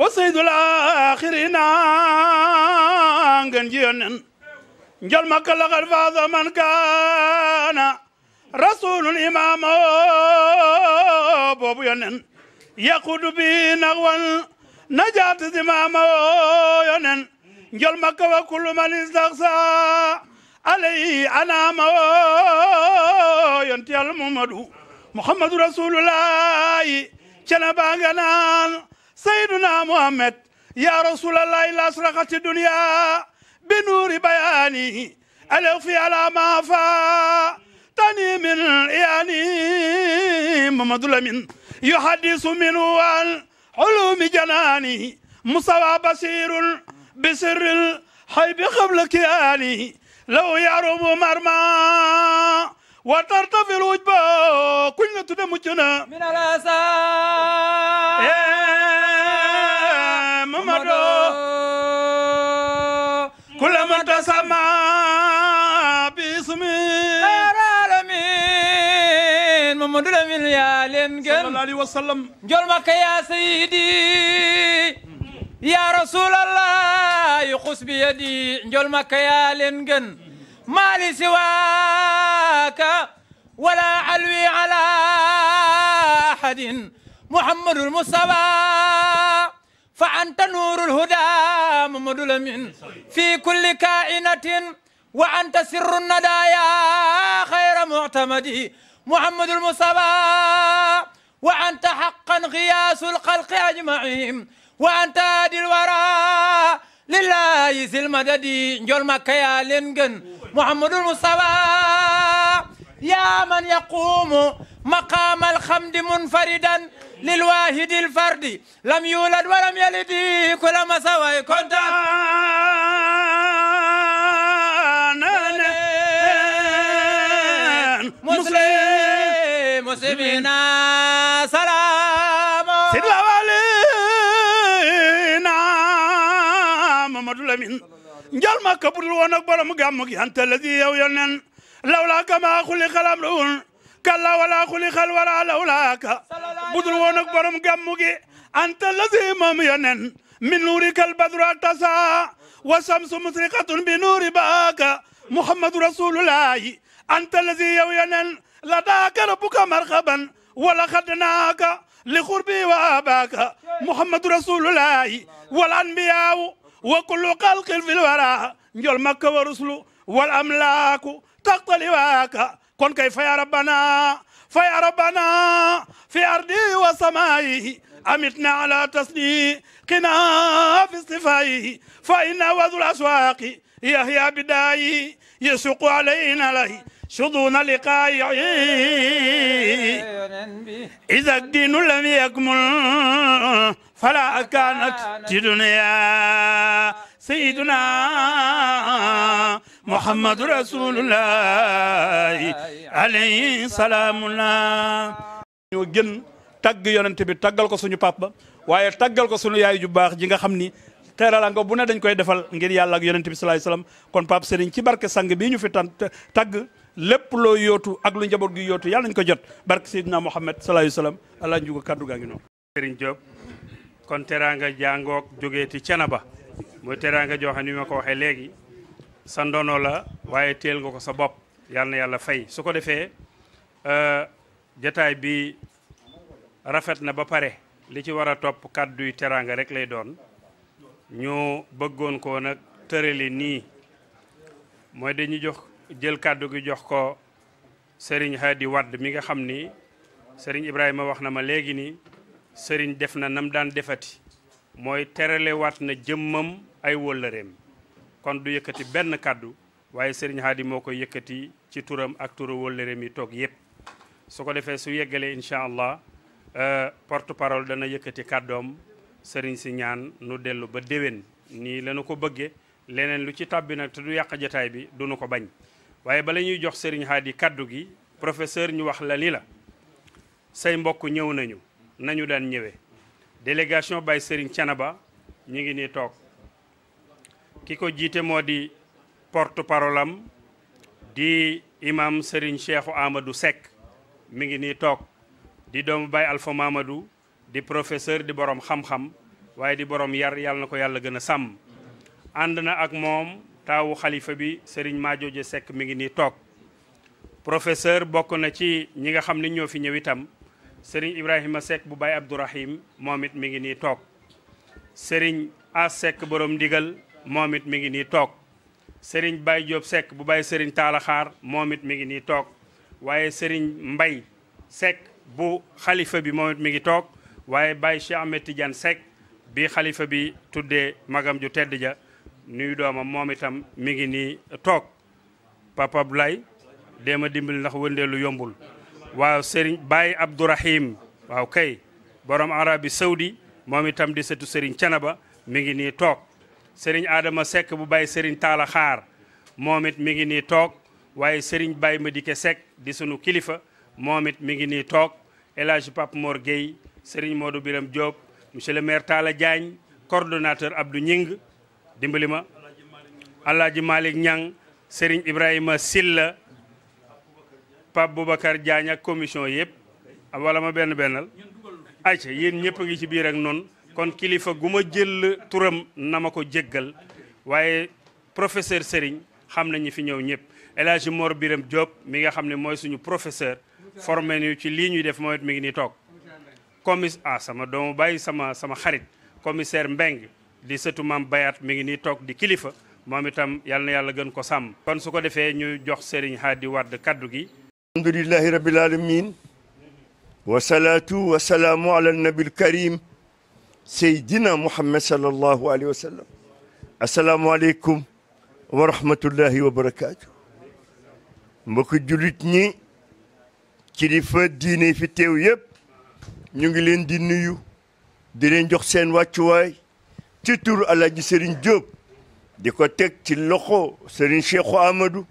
wa sayyidul aaxirina ngeen ji yonen njol makka laqad faaza man kaana rasulun imaamo boobu yonen yaqudu bi naqwan najaati zimaamo yonen njol makka wa kullu man istaxsa alay anaama yonti yàlla Muhammadu Muhammadu rasulullahi cene baa nga سيدنا محمد يا رسول الله لا أسرقت الدنيا بنور بياني ألف على ما فاتني من إياني محمد لمن يحدث منه عن علوم جناني مصطفى بصير بسر الحيب قبل كياني لو يعرم مرمى وترتفع الوجبة كلنا تدمجنا من الأسى leen gën sallallahu alayhi wa sallam njol makka yaa sayidi yaa rasulallah yu xus bi yadi njol makka yaa leen gën maali siwaaka wala alwi ala ahadin muhammadul mustafa fa anta nuurul huda mamadu lamin fi kulli kainatin wa anta sirru nada ya xayra muctamadi محمد المصطفى وأنت حقا غياس الخلق أجمعين وأنت هادي الورى لله ذي المدد نجول مكة يا لنجن محمد المصطفى يا من يقوم مقام الخمد منفردا للواحد الفرد لم يولد ولم يلد كل ما سوى كنت مسلم njal makka budul woon ak borom gàmm gi anta ladi yow yonen lawlaaka maa xuli xalam ruun kalla wala xuli xal wala lawlaaka budul woon ak borom gàmm gi anta ladi moom yonen min nuurika albadru atasa wa samsu musriqatun bi nuuri baaka muhammadu rasulullahi anta ladi yow yonen la daaka rabbuka marhaban wala xadnaaka li xurbi wa abaaka muhammadu rasulullahi wal anbiyaawu wa kullu xalqin fil wara njol makka wa ruslu wal amlaaku taqtali waaka kon kay fa ya rabbana fa ya rabbana fi ardi wa samaayi amitna ala tasni qina fi istifaayi fa inna wazul aswaaqi yahya bidaayi يسوق علينا له شضون لقاي إذا الدين لم يكمل فلا كانت في دنيا سيدنا محمد رسول الله عليه سلام الله ñoo gën tagg yonent bi taggal ko suñu pap ba waaye taggal ko suñu yaay ju baax ji nga xam ni teerala nga bu ne dañ koy defal ngir yàlla ak yonent bi salaay salaam kon pap Serigne ci barke sang bii ñu fi tan tagg lépp loo yootu ak lu njaboot gi yootu yàlla nañ ko jot barke Seydina Mohamed salaay salaam allah njugo kaddu gaa ngi noonu Serigne Diop kon teraanga jàngoog cana ba muy teraanga joo xam ni ma ko waxee léegi sa ndono la waaye teel nga ko sa bopp yal yàlla fay su ko defee euh, jataay bi rafet na ba pare li ci war a topp kàdduy teraanga rek lay doon ñu bëggoon ko nag tërali nii mooy dañu jox jël kàddu gi jox ko Serigne Hadi Wade mi nga xam ni Serigne Ibrahima wax na ma léegi nii sëriñ def na nam daan defati mooy teralewaat na jëmmam ay wóllëreem kon du yëkkati benn kàddu waaye sëriñ Hadi moo koy yëkkati ci turam ak turu wóllëreem yi toog yépp su ko defee su yeggalee incha allah euh, porte parole dana yëkkati kàddoom sëriñ si ñaan nu dellu ba déwén nii lanu ko bëggee leneen lu ci tàbbi nag te du yàq jotaay bi du nu ko bañ waaye bala ñuy jox sëriñ Hadi kàddu gi professeur ñu wax la ni la say mbokk ñëw nañu nañu daan ñëwee délégation Baye Serigne Thiénaba ñu ngi nii toog ki ko jiite moo di porte parole am di imam Serigne Cheikhou Amadou Seck mi ngi nii toog di doomu Baye Alpha Mamadou di professeur di borom xam-xam waaye di borom yar yàlla na ko yàlla gën a sàmm ànd na ak moom taawu xalifa bi Serigne Madioje sekk mi ngi nii toog professeur bokk na ci ñi nga xam ne ñoo fi ñëw itam sëriñ Ibrahima Seck bu Baye Abdourahim moom it mi ngi nii toog sëriñ As Seck borom ndigal moom it mi ngi nii toog sëriñ Baye Diop sekk bu Baye sëriñ Taalaxaar moom it mi ngi nii toog waaye sëriñ Mbay Seck bu xalifa bi moom it mi ngi toog waaye Baye Cheikh Ahmed bi xalifa bi tuddee magam ju tedd ja nuyu doomam moom itam mi ngi nii toog Papa Abdoulaye dee ma dimbali ndax wëndeelu yombul waaw Serigne bàyyi Abdourahim waaw kay borom arabi saudi moom itam di sëtu Serigne Canaba mi ngi nii toog Serigne aadama sekk bu Baye Serigne Taala Xaar moom it mi ngi nii toog waaye Serigne Baye Madike Seck di sunu kilifa moom it mi ngi nii toog El Hadj Pape Mor moodu Biram Diop monsieur le maire Talla Diagne coordonnateur Abdou Ñing dimbali ma Alaaji Malick Ñang Serigne Ibrahima Silla Pape Boubacar Diagne ak commission yëpp wala ma benn bennal ayca yéen ñëpp a ngi ci biir ak noonu kon kilifa gu ma jël turam na ma ko jéggal waaye professeur Serigne xam nañu fi ñëw ñëpp El Hadj Biram Diop mi nga xam ne mooy suñu professeur formé ñu ci lii ñuy def mooy it mi ngi nii toog commis ah sama doomu bàyyi sama sama xarit commissaire Mbeng di sëtu maam Bayat mi ngi nii toog di kilifa moom itam yàlla na yàlla gën ko sàmm. kon su ko defee ñu jox Serigne gi. alhamdulillahi rabbil alamin wasalaatu wasalaamu ala nabil karim seydina muhammad sallallahu alayhi wa sallam asalaamualeykum wa rahmatullahi wa barakaatu mbokk jullit ñi kilifa diine fi teew yëpp ñu ngi leen di nuyu di leen jox seen wàccuwaay ci tur Alaaji Serigne Diop di ko teg ci loxo Serigne Cheikhou Amadou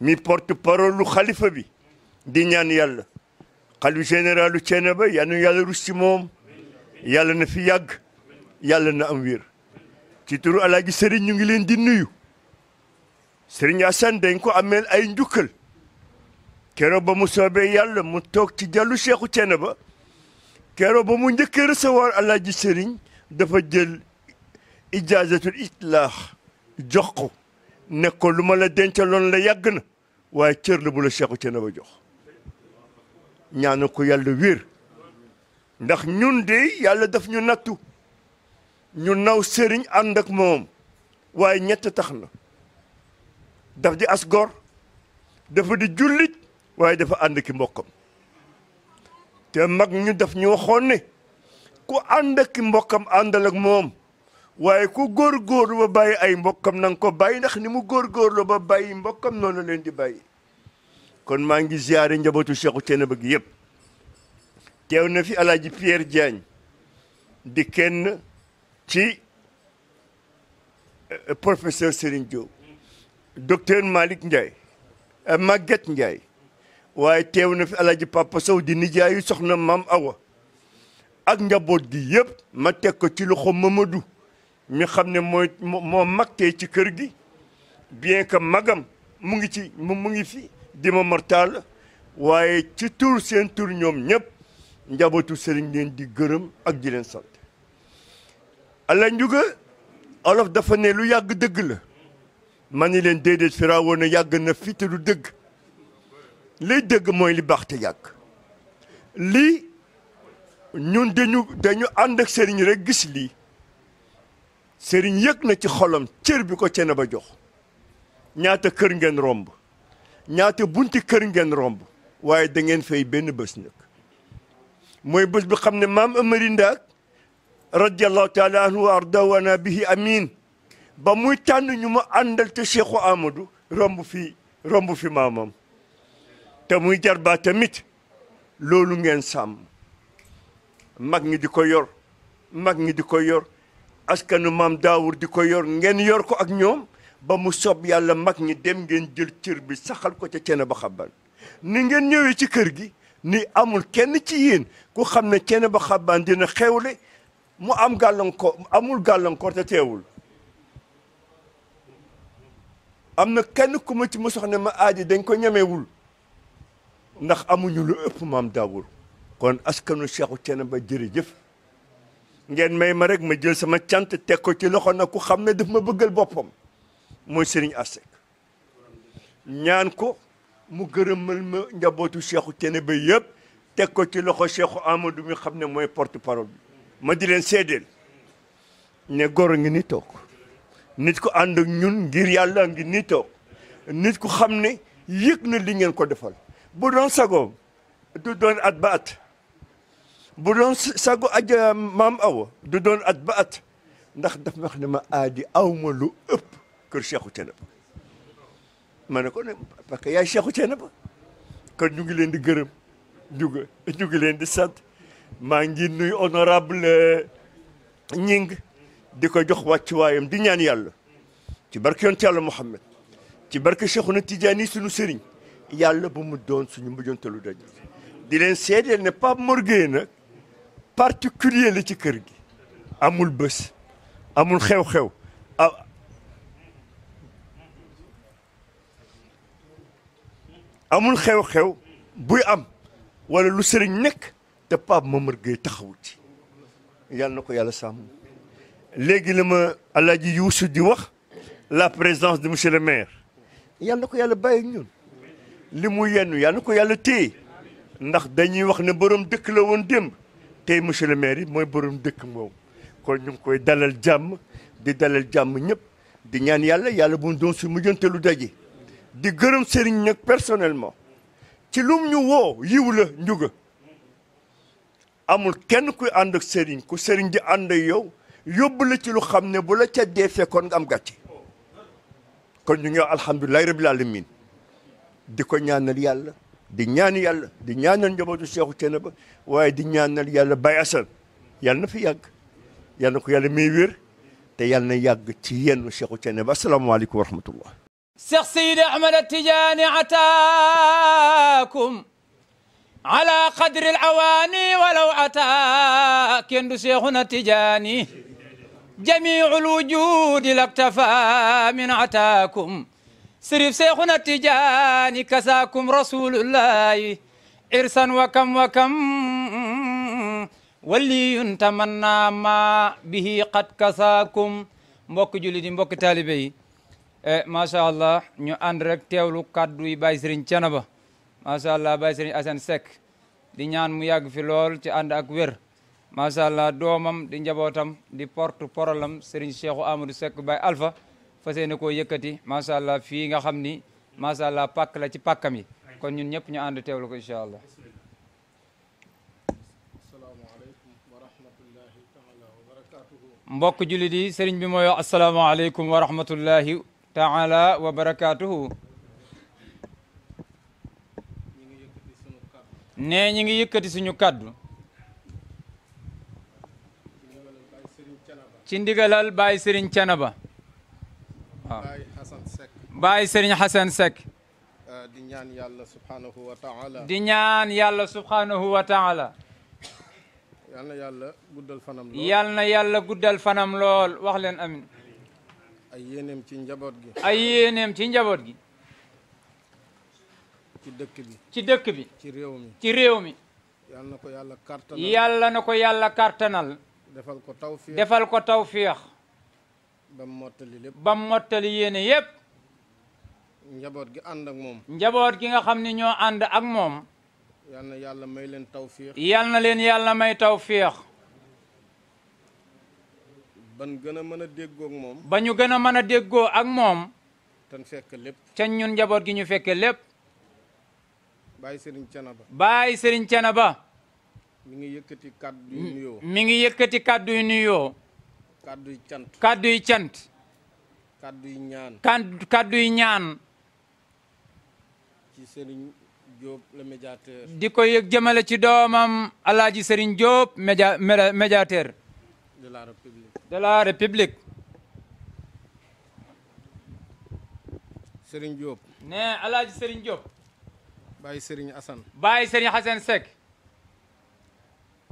mi porte parole xalifa bi di ñaan yàlla xalifa généralu Thiénaba yal na yàlla rus ci moom yàlla na fi yàgg yàlla na am wiir ci turu alaaji sëriñ ñu ngi leen di nuyu sëriñ Assane ko ameel ay njukkal keroog ba mu soobee yàlla mu toog ci jàllu Seexu ba keroog ba mu njëkkee recevoir alaaji sëriñ dafa jël ijaazatul itlaax jox ko ne lu ma la dencaloon la yàgg na waaye cër la bu la Seexu Thiénaba jox ñaanu ko yàlla wér ndax ñun de yàlla daf ñu nattu ñu naw sëriñ ànd ak moom waaye ñett tax na daf di as gor dafa di jullit waaye dafa ànd ki mbokkam te mag ñu daf ñu waxoon ne ku ànd ak mbokkam àndal ak moom waaye ku góor ba bàyyi ay mbokkam na ko bàyyi ndax ni mu góor góorgóorlu ba bàyyi mbokkam noonu leen di bàyyi kon maa ngi ziare njabootu Cheikhou Thiénaba gi yëpp teew na fi alaaji Pierre Diagne di kenn ci euh, professeur Serigne Diop docteur Malick Ndiaye euh, Maguette Ndiaye waaye teew na fi alaaji Papa Sow di nijaayu soxna maam Awa ak njaboot gi yëpp ma teg ko ci loxo Mamadou mi xam ne mooy moo mag tey ci kër gi bien que magam mu ngi ci mu ngi fi di ma mortal waaye ci tur seen tur ñoom ñëpp njabootu sëriñ leen di gërëm ak di leen sant allah njuga olof dafa ne lu yàgg dëgg la ma ni leen déedéet Firawna yàgg na fi te du dëgg liy dëgg mooy li baax te yàgg lii ñun dañu dañu ànd ak sëriñ rekk gis lii sëriñ yëg na ci xolam cër bi ko cene ba jox ñaata kër ngeen romb ñaata bunti kër ngeen romb waaye dangeen ngeen benn bës nag mooy bés bi xam ne maam Amari Ndaak radiallahu taala anhu wa arda wana bihi amin ba muy tànn ñu mu àndal te Cheikhu Amadou romb fi romb fi maamam te muy jar baa tamit loolu ngeen sàmm mag ñi di ko yor mag ñi di ko yor askanu maam Daawur di ko yor ngeen yor ko ak ñoom ba mu sob yàlla mag ñi dem ngeen jël cër bi saxal ko ca Thiénaba Xaban ni ngeen ñëwee ci kër gi ni amul kenn ci yéen ku xam ne Thiénaba Xaban dina xewle mu am gàllankoor amul gàllankoor te teewul am na kenn ku ma ci mu soxna ma aaji dañ ko ñemewul ndax amuñu lu ëpp maam daawul kon askanu Seexu Thiénaba jërëjëf ngeen may ma rek ma jël sama cant teg ko ci loxo na ku xam ne daf ma bëggal boppam mooy Serigne Assec ñaan ko mu gërëmal ma njabootu Cheikhou Thiénaba yëpp teg ko ci loxo Cheikhou Amadou mi xam ne mooy porte parole ma di leen ne gor ngi ni nit ku ànd ñun ngir yàlla ngi ni nit ku xam ne yëg na li ngeen ko defal bu doon sago du doon at ba at bu doon sago aja maam aw du doon at ba at ndax dafa wax ne ma aadi aw ma lu ëpp kër Cheikhou Thiénaba ma ne ko ne parce que yaay Cheikhou Thiénaba kon ñu ngi leen di gërëm ñu ngi ñu ngi leen di sant maa ngi nuyu honorable ñing eh, di ko jox wàccuwaayam di ñaan yàlla ci barke yonent yàlla Muhammad ci barke Cheikhuna Tidiane suñu sëriñ yàlla bu mu doon suñu mujjantalu daj di leen seedeel ne Pape Mor Gueye nag particulier la ci kër gi amul bés amul xew-xew amul xew-xew buy am wala lu sëriñ nekk te Pape Momar Gueye taxawu ci yàlla na ko yàlla sàmm léegi la ma Alaaji Youssou di wax la présence de monsieur le maire yàlla na ko yàlla bàyyi ñun li mu yenn yàlla na ko yàlla téye ndax dañuy wax ne borom dëkk la woon démb tey monsieur le maire yi mooy borom dëkk moom kon ñu ngi koy dalal jàmm di dalal jàmm ñëpp di ñaan yàlla yàlla bu mu si su mujjante lu daje di gërëm sëriñ nag personnellement ci lum ñu woo yiw la njuga amul kenn kuy ànd ak sëriñ ku sëriñ di ànd yow yóbbu la ci lu xam ne bu la ca dee fekkoon nga am gàcce kon ñu ngi alhamdulilahi rabil alamin di ko ñaanal yàlla di ñaan yàlla di ñaanal njabootu Seexu Thiénaba waaye di ñaanal yàlla Baye Assane yàlla na fi yàgg yàlla na ko yàlla may wér te yàlla na yàgg ci yenn Seexu Thiénaba asalaamaaleykum wa rahmatullah Cheikh Seydi Ahmed Tidiane ataakum ala qadri al-awaani walaw ataa kenn du Cheikhuna Tidiane jamiul wujuudi laktafaa min ataakum sirif Cheikhuna Tidiane kasaakum rasulullahi irsan wa kam wa kam waliyun tamanna ma bihi qad kasaakum mbokk jullit yi mbokk taalibe yi Eh, macha allah ñu ànd rek teewlu kaddu yi Baye Serigne Thiénaba macha allah Baye Serigne Assane Seck di ñaan mu yàgg fi lool ci ànd ak wér macha allah doomam di njabootam di porte parole am Serigne Cheikhou Amadou Seck Baye Alpha fas yéene koo yëkkati allah fii nga xam ni macha allah pàkk la ci pàkkam yi kon ñun ñëpp ñu ànd teewlu ko allah. taala wa barakaatuhu nee ñi ngi yëkkati suñu kàddu ci ndigalal Baay Sëriñ Canaba waaw Baay Sëriñ Xasan Sekk di yàlla subhaanahu wa taala di guddal fanam lool yal amin ay yéeneem ci njaboot gi. ay yéeneem ci njaboot gi. ci dëkk bi. ci dëkk bi. ci réew mi ci réew mi. yàlla na ko yàlla kàrtanal yàlla na ko yàlla kàrtanal. defal ko tawféex defal ko tawféex. ba mu mottali lépp ba mottali yéene yépp. njaboot gi ànd ak moom. njaboot gi nga xam ne ñoo ànd ak moom. yal yàlla may leen tawféex. yal leen yàlla may tawféex. ban gën a mën a déggoo ak moom. ba ñu gën a mën a déggoo ak moom. tan fekk lépp. ca ñun njaboot gi ñu fekke lépp. Baay Serigne Thiénaba. Baay Serigne Thiénaba. mi ngi yëkkati kàddu yu nuyoo. mi ngi yëkkati kàddu yu nuyoo. kàddu yu cant. kàddu yu cant. kàddu yu ñaan. kàddu yu ñaan. ci Serigne Diop le médiateur. di ko yëg jëmale ci doomam Alaaji Serigne Diop média médiateur. de la République. de la République. Serigne Diop. nee Alaaji Serigne Diop. Baye Serigne Assane. Baye Serigne Assane Seck.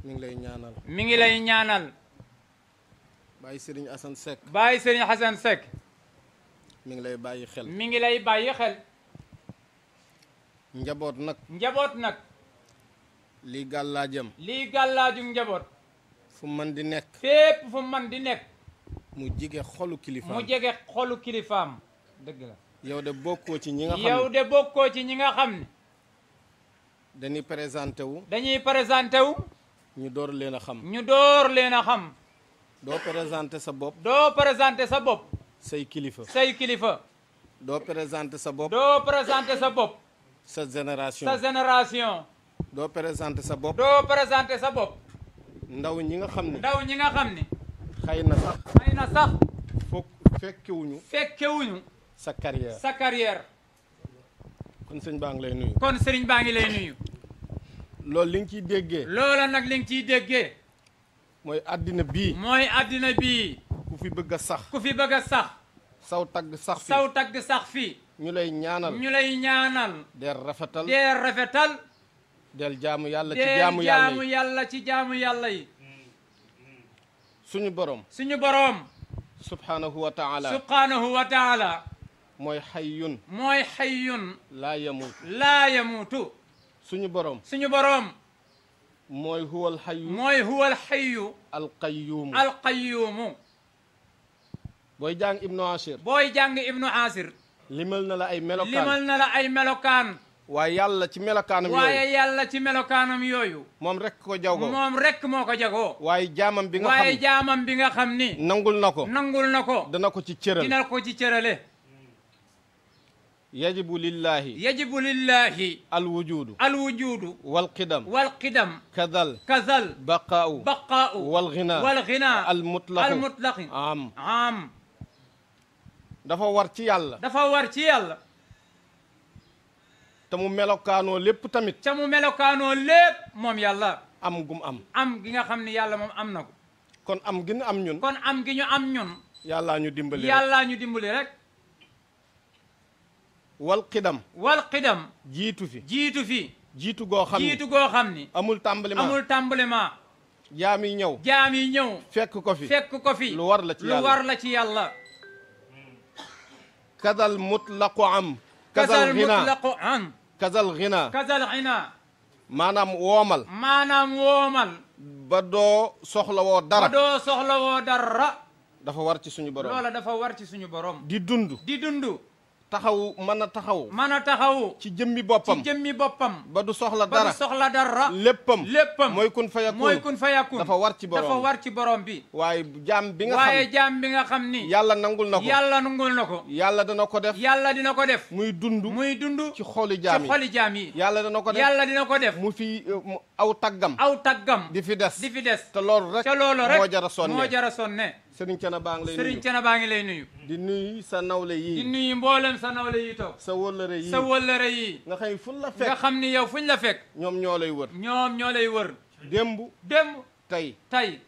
mi ngi lay ñaanal. mi ngi lay ñaanal. Baye Serigne Assane sek Baye Serigne Assane sek mi ngi lay bàyyi xel. mi ngi lay bàyyi xel. njaboot nag. njaboot nag. lii gàllaajam. lii gàllaajum njaboot. fu man di nekk fépp fu man di nekk mu jege xolu kilifaam mu jege xolu kilifaam dëgg la yow de bokkoo ci ñi nga xam ne yow de bokkoo ci ñi nga xam dañuy présenté wu dañuy présenté wu ñu door leen a xam ñu door leen a xam doo présenté sa bopp doo présenté sa bopp say kilifa say kilifa doo présenté sa bopp doo sa bopp sa génération sa doo présenté sa bopp doo présenté sa bopp ndaw ñi nga xam ne. ndaw ñi nga xam xëy na sax. xëy na fekkewuñu. sa carrière sa carrière. kon sëñ baa ngi lay nuyu. kon sëriñ baa ngi lay nuyu. loolu li ciy déggee. loola nag li nga ciy déggee. mooy àddina bi mooy àddina bi ku fi bëgg sax. ku fi bëgg a sax. saw tagg sax fi saw tagg sax fi ñu lay ñaanal ñu lay ñaanal. deel rafetal deel rafetal. del jaamu yàlla ci jaamu yàlla jaamu yàlla ci jaamu yàlla yi suñu borom suñu borom subhaanahu wa taala subhaanahu wa taala mooy xayyun mooy xayyun laa yamuutu laa yamuutu suñu borom suñu borom mooy huwal xayyu mooy huwal xayyu alqayyuumu alqayyuumu booy jàng ibnu asir booy jàng ibnu asir limal na la ay melokaan limal na la ay melokaan waaye yàlla ci melokaanam yooyu ci melokaanam yooyu moom rek ko jagoo moom rek moo ko jagoo waaye jaamam bi nga jaamam bi nga xam ni nangul na ko nangul na ko dana ko ci cëral dina ko ci cërale yajibu lillahi yajibu lillahi alwujudu alwujudu walqidam walqidam kazal kazal baqaa'u baqaa'u walghina walghina almutlaqu almutlaqu am ci yàlla dafa war ci yàlla te melokaanoo lépp tamit. te melokaanoo lépp moom yàlla. am gum am. am gi nga xam ni yàlla moom am na kon am gi ñu am ñun. kon am gi ñu am ñun. yàllaa ñu dimbali rek yàllaa ñu dimbali rek. wal xidam. wal xidam. jiitu fi jiitu fi. jiitu goo xam ni ni. amul tàmbalima amul tàmbalima. jaam yi ñëw. jaam yi ñëw. fekk ko fi fekk ko fi. lu war la ci yàlla lu la ci yàlla. kadal mutlaqu am. kadal mutlaqu am. kazal xina kazal xina maanaam woomal maanaam woomal ba doo soxlawoo dara ba doo soxlawoo dara dafa war ci suñu borom dafa war ci suñu borom di dund di dund taxawu mën a taxaw mën a ci jëmmi boppam jëmmi boppam ba du soxla dara ba du soxla dara léppam léppam mooy kun fa yakun mooy kun fa dafa war ci borom war ci borom bi waaye jaam bi nga xam waaye bi nga xam ni yàlla nangul na ko yàlla na ko yàlla dana ko def yàlla dina ko def muy dund muy dund ci xooli jaam yi ci xooli jaam yi yàlla dana ko def yàlla dina ko def mu fi aw taggam aw taggam di fi des di fi des te loolu rek te loolu rek moo jar a sonne moo jar a sonne Serigne Thiénaba ngi lay nuyu Serigne Thiénaba lay nuyu. di nuyu sa nawle yi di nuyu mboolem sa nawle yi toog. sa wëllëre yii sa wëllëre yii. nga xëy la xam ni yow fuñ la fekk. ñoom ñoo lay wër. ñoom ñoo lay wër. démb. démb tey tey.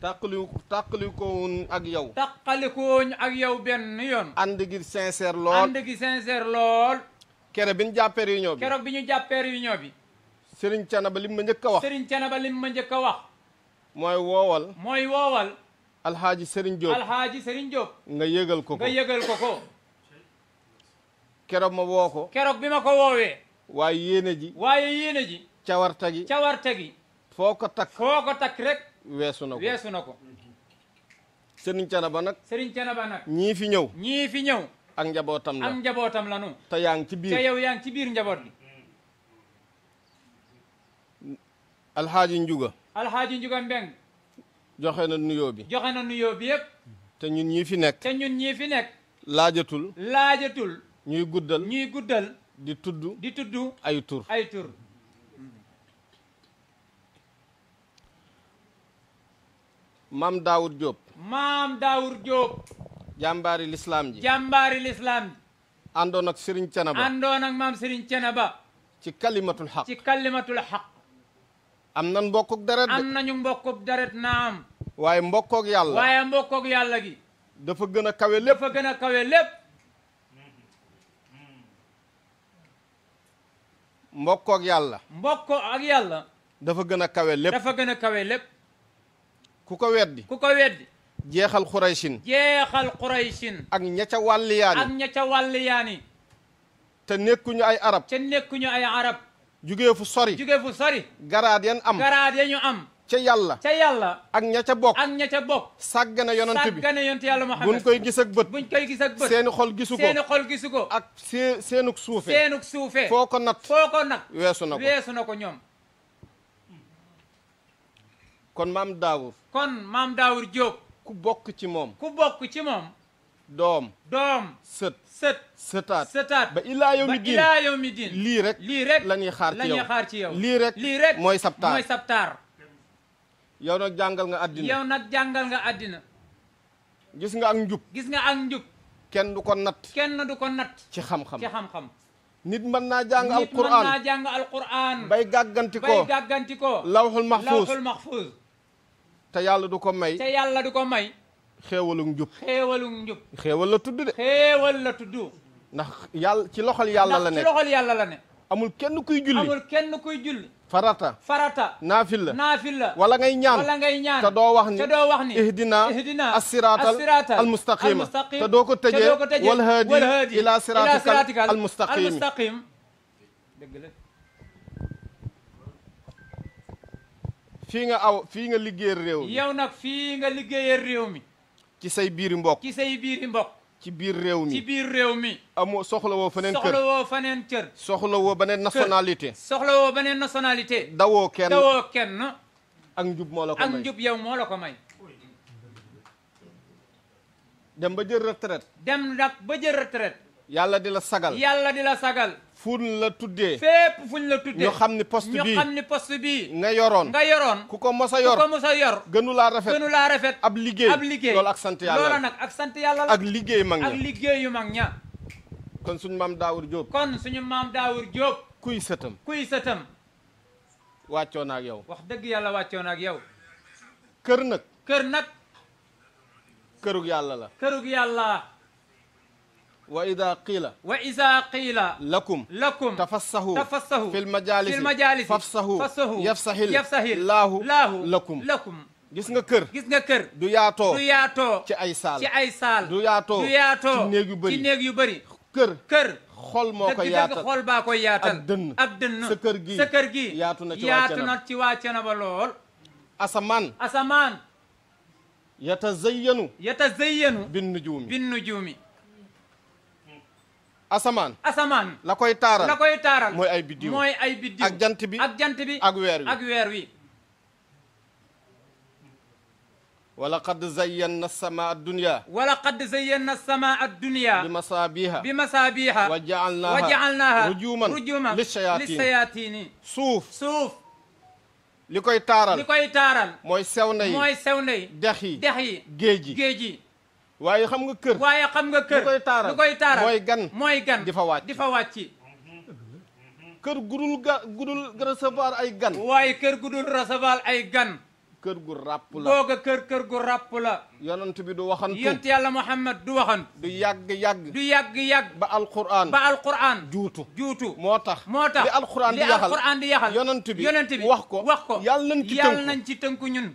tàqali tàqalikowuñ ak yow. tàqalikowuñ ak yow benn yoon. ànd gi sincère lool ànd gi sincère lool. keroog bi ñu jàppee réunion bi keroog bi ñu jàppee réunion bi. Serigne Thiénaba lim ma njëkk a wax. Serigne Thiénaba lim ma njëkk a wax. mooy woowal. mooy woowal. alxaaji sëriñ Diop alxaaji Serigne nga yëgal ko ko yëgal ko ko. keroog ma woo keroog bi ma ko woowee. waaye yéene ji. waaye yéene ji. cawarte gi cawarte foo ko takk foo rek. weesu na weesu na ko. Serigne Thiénaba nag. Serigne Thiénaba nag. ñii fi ñëw. ñii fi ñëw. ak njabootam la ak njabootam la te yaa ci biir te yow yaa ngi ci biir njaboot gi. alxaaji Njuga. alxaaji Njuga Mbeng joxe na nuyoo bi joxe na nuyoo bi yëpp te ñu ñii fi nekk te ñii fi nekk laajatul laajatul ñuy guddal ñuy guddal di tuddu di tudd ay tur ay tur maam Daawur Jóob maam Daawur Jóob jàmbaari lislaam ji jàmbaari lislaam ji àndoon ak Sëriñ Cenaba àndoon ak maam Sëriñ Cenaba ci kalimatul ci kalimatul xaq am na mbokkuk deret am nañu mbokkuk deret naam. waaye mbokkook yàlla waaye mbokkook yàlla gi. dafa gën a kawe lépp dafa gën a kawe lépp. mbokkook yàlla. mbokko ak yàlla. dafa gën a kawe lépp dafa gën a kawe lépp. ku ko weddi ku ko weddi. jeexal xuraysin jeexal xuraysin ak ña ca wàlliyaani ak ña ca wàlliyaani te nekkuñu ay arab te nekkuñu ay arab jugee fu sori. jugee fu sori. garaad yan am. garaad ya ñu am. ca yàlla ca yàlla ak ña ca bokk ak ña ca bokk sàggane bi sàggane yonent yàlla Muhammad buñ koy gis ak bët buñ koy gis ak bët seeni xol gisu ko seeni xol gisu ko ak see seenuk suufe seenuk suufe foo ko nat weesu na ko weesu ko ñoom kon maam daawur kon maam daawur Diop ku bokk ci moom ku bokk ci moom doom doom sët sët sëtaat ba ilaa yow lii rek lii rek la ñuy xaar ci yow ci yow lii rek lii rek mooy sabtaar mooy sabtaar jàngal nga àddina yow jàngal nga àddina gis nga ak njub gis nga ak njub kenn du ko natt kenn du ko natt ci xam-xam nit mën naa jàng alquran nit mën bay gàgganti ko bay gàgganti ko te yàlla du ko may te yàlla du ko may xéewalug njub xéewalug njub xéewal la tudd de xéewal la tudd ndax yàlla ci loxol yàlla la nekk ci yàlla la ne amul kenn kuy julli kenn kuy julli farata farata naafil la naafil la wala ngay ñaan wala ngay ñaan doo wax ni te doo wax ni ihdina ihdina assiraatal almustaqima te doo ko tëjee wal haadi ila siraatikal almustaqim dëgg la fii nga aw fii nga liggéeyal réew yaw yow nag fii nga liggéeyal réew mi ci say biiri mbok ci say biiri mbokk ci biir réew mi ci biir réew mi amoo soxlawoo faneen kër soxlawoo faneen kër soxlawoo beneen nationalité soxlawoo beneen nationalité dawoo kenn dawoo kenn ak njub moo la ko may dem ba jël retraite dem nag ba jël retraite yàlla di la sagal yàlla di la sagal fuñ la tuddee fépp fuñ la tuddee ñu xam ni poste bi ñu xam ni poste nga yoroon nga yoroon ku ko mos a yor ku ko mos yor gënu laa rafet laa rafet ab liggéey ab liggéey ak sant yàlla loola ak sant yàlla la ak liggéey mag ña mag ña kon suñu maam Daawur Jóob kon suñu maam Daawur Jóob kuy sëtam kuy sëtam wàccoo na yow wax dëgg yàlla wàccoo na ak yow kër nag kër nag kërug yàlla la kërug yàlla wa iza qiila wa iza qiila lakum lakum tafassahu tafassahu fil majaalisi fil majaalisi fafsahu fafsahu yafsahil yafsahil laahu laahu lakum lakum gis nga kër gis nga kër du yaatoo du ci ay saal ay saal du yaato du ci néeg yu bëri néeg yu bëri kër kër xol moo ko yaatal xol baa ko kër gi kër gi yaatu na ci yaatu na ci waa Thiénaba lool asamaan asamaan yatazayyanu yatazayyanu bin nujuumi bin nujuumi asamaan asamaan la koy taaral la koy taaral mooy ay biddiw mooy ay biddiw ak jant bi ak jant bi ak weer wi ak weer wi wala qad zayyanna sama addunya wala qad zayyanna sama addunya bi masaabiha bi masaabiha wa jaalnaaha wa jaalnaaha rujuman rujuman lishayaatini suuf suuf li koy taaral li koy taaral mooy sew na yi mooy sew na yi dex yi dex yi géej yi géej yi waaye xam nga kër waaye xam nga kër lu koy taaral lu gan mooy gan di fa wàcc di fa wàcc kër gudul ga gudul recevoir ay gan waaye kër gudul recevoir ay gan kër gu ràpp la kër kër gu ràpp la bi du waxantu yonent yàlla muhammad du waxantu du yàgg-yàgg du yàgg-yàgg ba alquran ba alquran juutu juutu moo tax moo tax li alquran di yaxal yonent bi yonent bi wax ko wax ko yàlla nañ ci tënku yàlla nañ ci tënku ñun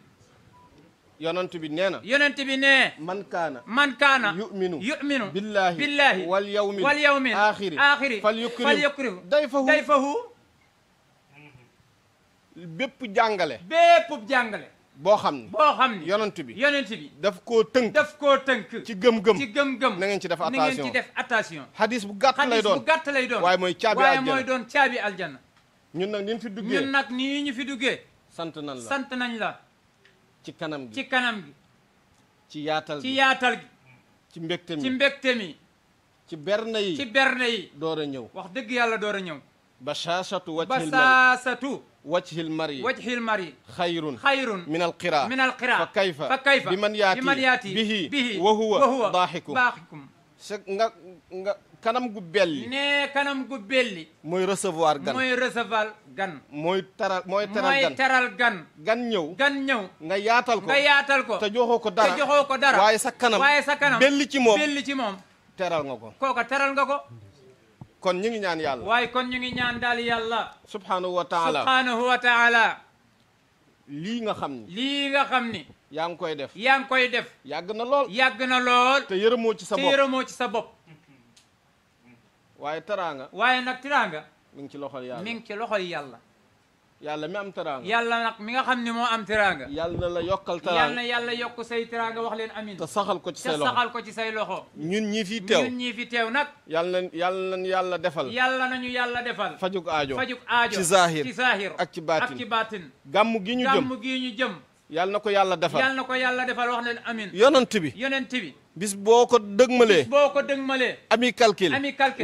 yonent bi nee na yonent bi nee man kaana man kaana yuminu yuminu billahi billahi wal yawmi wal yawmi aaxiri aaxiri falyukrim falyukrim dayfahu dayfahu bépp jàngale bépp jàngale boo xam ne boo xam ne yonent bi yonent bi daf koo tënk daf koo tënk ci gëm-gëm ci gëm-gëm na ngeen ci def attention def attention hadis bu gàtt lay doon hadis waaye mooy caabi aljanna doon caabi aljanna ñun nag ñu fi duggee nag nii ñu fi duggee sant nañ la nañ la ci kanam gi ci kanam gi ci yaatal gi ci yaatal gi ci mbégte mi ci mbégte mi ci berne yi ci berne yi door a ñëw wax dëgg yàlla door a ñëw basaasatu wajhil mari basaasatu wajhil mari wajhil mari xayrun xayrun min alqiraa min alqiraa fa kayfa fa kayfa bi man yaati bihi bihi wa huwa daaxikum nga nga kanam gu belli nee kanam gu belli mooy recevoir gan mooy recevoir gan mooy taral mooy teral gan teral gan gan ñëw gan ñëw nga yaatal ko nga yaatal ko te joxoo ko dara joxoo ko dara waaye sa kanam waaye sa kanam belli ci moom belli ci moom teral nga ko kooka teral nga ko kon ñu ngi ñaan yàlla waaye kon ñu ngi ñaan daal yàlla subhaanahu wa taala subhaanahu wa taala lii nga xam ni lii nga xam ni yaa ngi koy def yaa ngi koy def yàgg na lool yàgg na lool te yërëmoo ci sa bopp ci sa bopp waaye teraanga waaye nag teraanga mi ngi ci loxol yàlla mi ngi ci loxol yàlla yàlla mi am teraanga yàlla nag mi nga xam ne moo am teraanga yàlla na la yokkal teraanga na yàlla yokk say teraanga wax leen amin te saxal ko ci say loxo te ko ci say loxo ñun ñi fi teew ñun ñi fi teew nag yàlla na yàlla nañu yàlla defal yàlla nañu yàlla defal fajuk aajo aajo ci zahir ci zahir ak ci baatin ak ci baatin gàmm gi ñu jëm gàmm gi ñu jëm yàlla na ko yàlla defal yàlla na ko yàlla defal wax leen amin yonent bi yonent bi bis boo ko dëgmalee. bis boo ko dëgmalee. ami calcul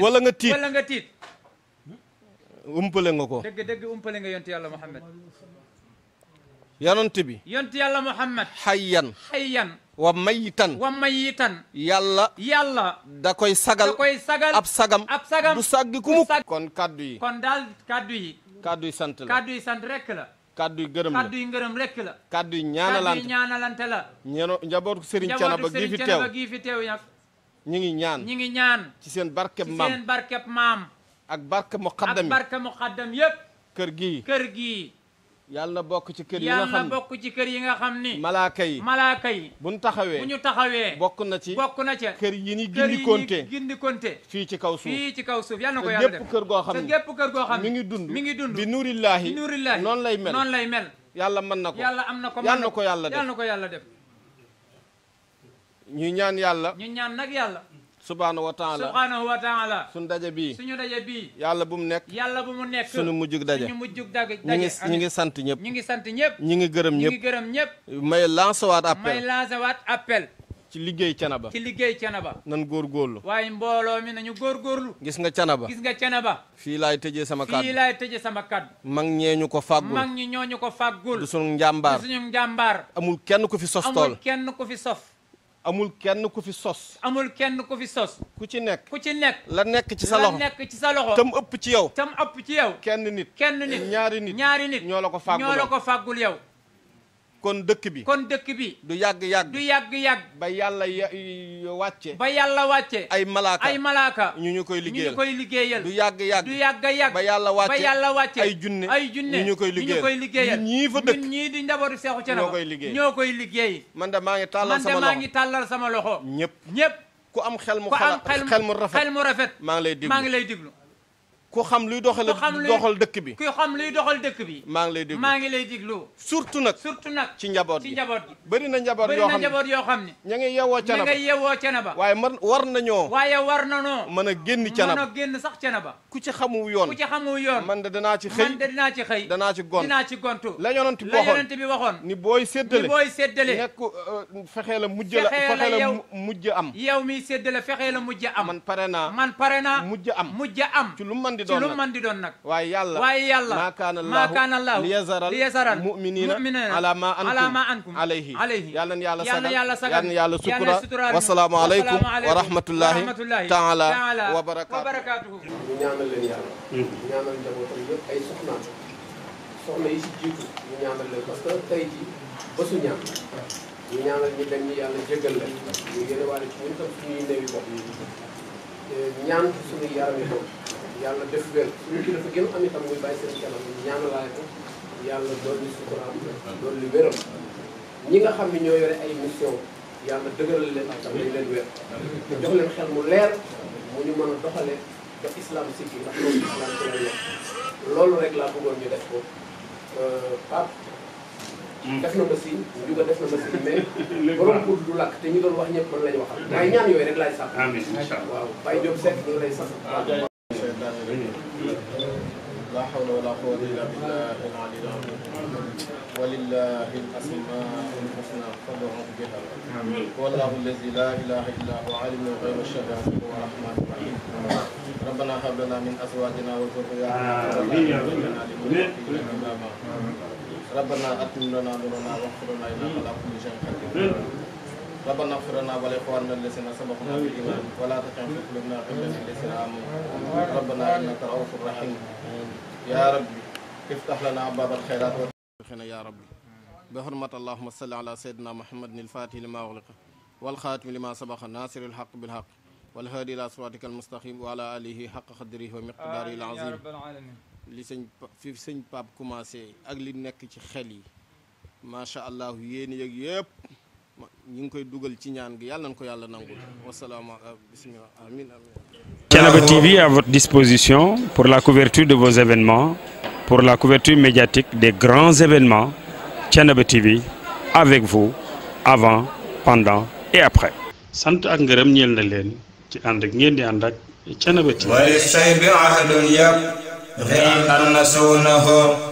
wala nga tiit wala nga tiit. umpale nga ko. dëgg dëgg umpale nga yonti yàlla Muhammad. yonent bi. yonti yàlla Muhammad. xayyan. xayyan. wa mayitan. wa mayitan. yàlla. yàlla. da koy sagal. koy sagal ab sagam. ab sagam du sàgg ku mu. kon kaddu yi. kon daal kaddu yi. kaddu yi sant la yi sant rek la. kaddu yu gërëm la kaddu yu ngërëm rek la. kaddu yu ñaanalante kaddu yu ñaanalante la. ñenoo njabootu Serigne Thiénaba gii ba teew gii fi teew nag. ñu ngi ñaan ñu ngi ñaan. ci seen barkeb maam ci seen barkeb maam. ak barke muqaddam yi ak barke kër gii kër gii. yàlla na bokk ci kër yi nga xam bokk ci kër yi nga xam ni malaaka yi malaaka yi bu ñu taxawee bu ñu taxawee bokk na ci bokk na ca kër yi ni gindi konte kër yi gindi konte fii ci kaw fii ci kaw suuf yàlla na ko yàlla def gépp kër goo xam ne gépp kër goo xam ne mi ngi dund mi ngi dund bi nuurillaahi nuurillaahi noonu lay mel noonu lay mel yàlla mën na ko yàlla am na ko yàlla ko yàlla def na ko yàlla def ñu ñaan yàlla ñu ñaan nag yàlla subhaanahu wa taala subhaanahu wa taala suñu daje bii suñu daje bii yàlla bu mu nekk yàlla bu mu nekk suñu mujjug daje suñu mujjug daje ñi ngi ñi ngi sant ñëpp ñi ngi sant ñëpp ñi ngi gërëm ñëpp ñi gërëm ñëpp may lancé waat appel may lancé waat appel ci liggéey canaba ci liggéey canaba nan góorgóorlu waaye mbooloo mi nañu góorgóorlu gis nga canaba gis nga canaba fii laay tëjee sama kàddu laay tëjee sama kàddu mag ñee ñu ko fàggul mag ñi ñu ko fàggul du suñu njàmbaar du suñu njàmbaar amul kenn ku fi sos tool kenn ku fi sof amul kenn ku fi sos. amul kenn ku fi sos. ku ci nekk ku ci nekk. la nekk ci sa loxo la ci sa loxo. tam ëpp ci yow. tam ëpp ci yow. kenn nit kenn nit ñaari nit ñaari nit. ñoo la ko fàggul ñoo ko fàggul yow. kon dëkk bi kon dëkk bi du yàgg-yàgg du yàgg-yàgg ba yàlla wàcce ba yàlla wàcce ay malaaka ay malaaka ñu ñu koy liggéeyal ñu koy liggéeyal du yàgg-yàgg du yàgg-yàgg ba yàlla wàcce ba yàlla wàcce ay junne ay junne ñu ñu koy liggéeyal ñu koy liggéeyal ñii fa dëkk ñii di njabootu Seexu Thiénaba ñoo koy liggéey ñoo koy liggéey man de maa ngi tàllal sama loxo man de ngi tàllal sama loxo ñëpp ñëpp ku am xel mu xalaat xel mu rafet xel mu rafet maa ngi lay déglu maa ngi lay déglu ku xam luy doxal doxal dëkk bi ku xam luy doxal dëkk bi maa ngi lay déglu maa ngi lay déglu surtout nag surtout nag ci njaboot ci njaboot gi bëri na njaboot yoo xam ne bëri na njaboot yoo xam ne ña ngay yewoo cana ba ña ngay yewoo ba waaye man war nañoo waaye war nañoo mën a génn cana ba mën génn sax cana ba ku ci xamu yoon ku ci xamu yoon man de danaa ci xëy de danaa ci xëy danaa ci gont dinaa ci gontu la yonent bi waxoon la yonent bi waxoon ni booy séddale ni booy séddale nekk euh, fexee la mujj la mujj am yow mi séddale fexee la mujj am man pare naa man pare naa mujj am mujj am ci man di doon ci lu man di doon nag waaye yàlla waaye yàlla maa kaana allaahu li yazaral muminina ala ma antum alayhi yàlla na yàlla sagal yàlla na yàlla sutura wasalaamu aleykum wa rahmatullahi taala wa barakaatuhu ñu ñaanal leen yàlla ñu hmm. ñaanal njabootam yëpp ay soxna soxna yi si jiitu ñu ñaanal leen parce que tey ji bésu ñaan ñu ñaanal ñu dem ñi yàlla jégal leen ñu yéene waale ci ñun tam suñuy newi bopp ñaan suñu yaram yi bopp yàlla def wér suñu kilifa gën am itam muy bàyyi seen kanam ñaanalaay ko yàlla dool li sukuraam dool li wéram ñi nga xam ne ñoo yore ay mission yàlla dëgëral leen ak tamit leen wér te jox leen xel mu leer mu ñu mën a doxale ba islam sikki ndax loolu islam ci lay loolu rek laa bëggoon ñu def ko euh, Pape mm. def na ma si Ndiouga def na ma mais borom pour du lakk te ñu doon wax ñëpp mën lañu waxal waaye ñaan yooyu rek laay sax amiin waaw Baye Diop Seck ñu la hawla wala quwwata illa billahi al-ali al-azim walillahi al-asmaa'ul husna fad'uuhu bihaa wallahu allazi la ilaha illa huwa alimul ghaybi wash-shahaadati wa rahmaanu rahim rabbana hab lana min azwaajina wa dhurriyyatina rabbana atim lana nurana waghfir lana innaka ala kulli shay'in qadiir ربنا اغفر لنا ولإخواننا الذين سبقونا بالإيمان ولا تجعل في قلوبنا غلا للذين آمنوا ربنا إنك رؤوف رحيم يا ربي افتح لنا أبواب الخيرات وتوفقنا يا ربي بحرمة اللهم صل على سيدنا محمد الفاتح لما أغلق والخاتم لما سبق ناصر الحق بالحق والهادي إلى صراطك المستقيم وعلى آله حق قدره ومقداره العظيم li sëñ fi sëñ Pape commencé ak li nekk ci xel yi macha allah yéen yëg yëpp ñu ngi koy dugal ci ñaan gi ko yàlla nangul wasalaama bismillah amin amin Thiénaba TV à votre disposition pour la couverture de vos événements pour la couverture médiatique des grands événements Thiénaba bi avec vous avant pendant et après sant ak ngërëm ñeel na leen ci ànd ak ngeen di ànd ak Thiénaba TV wali say bi ahadun yab ri an annasuunahu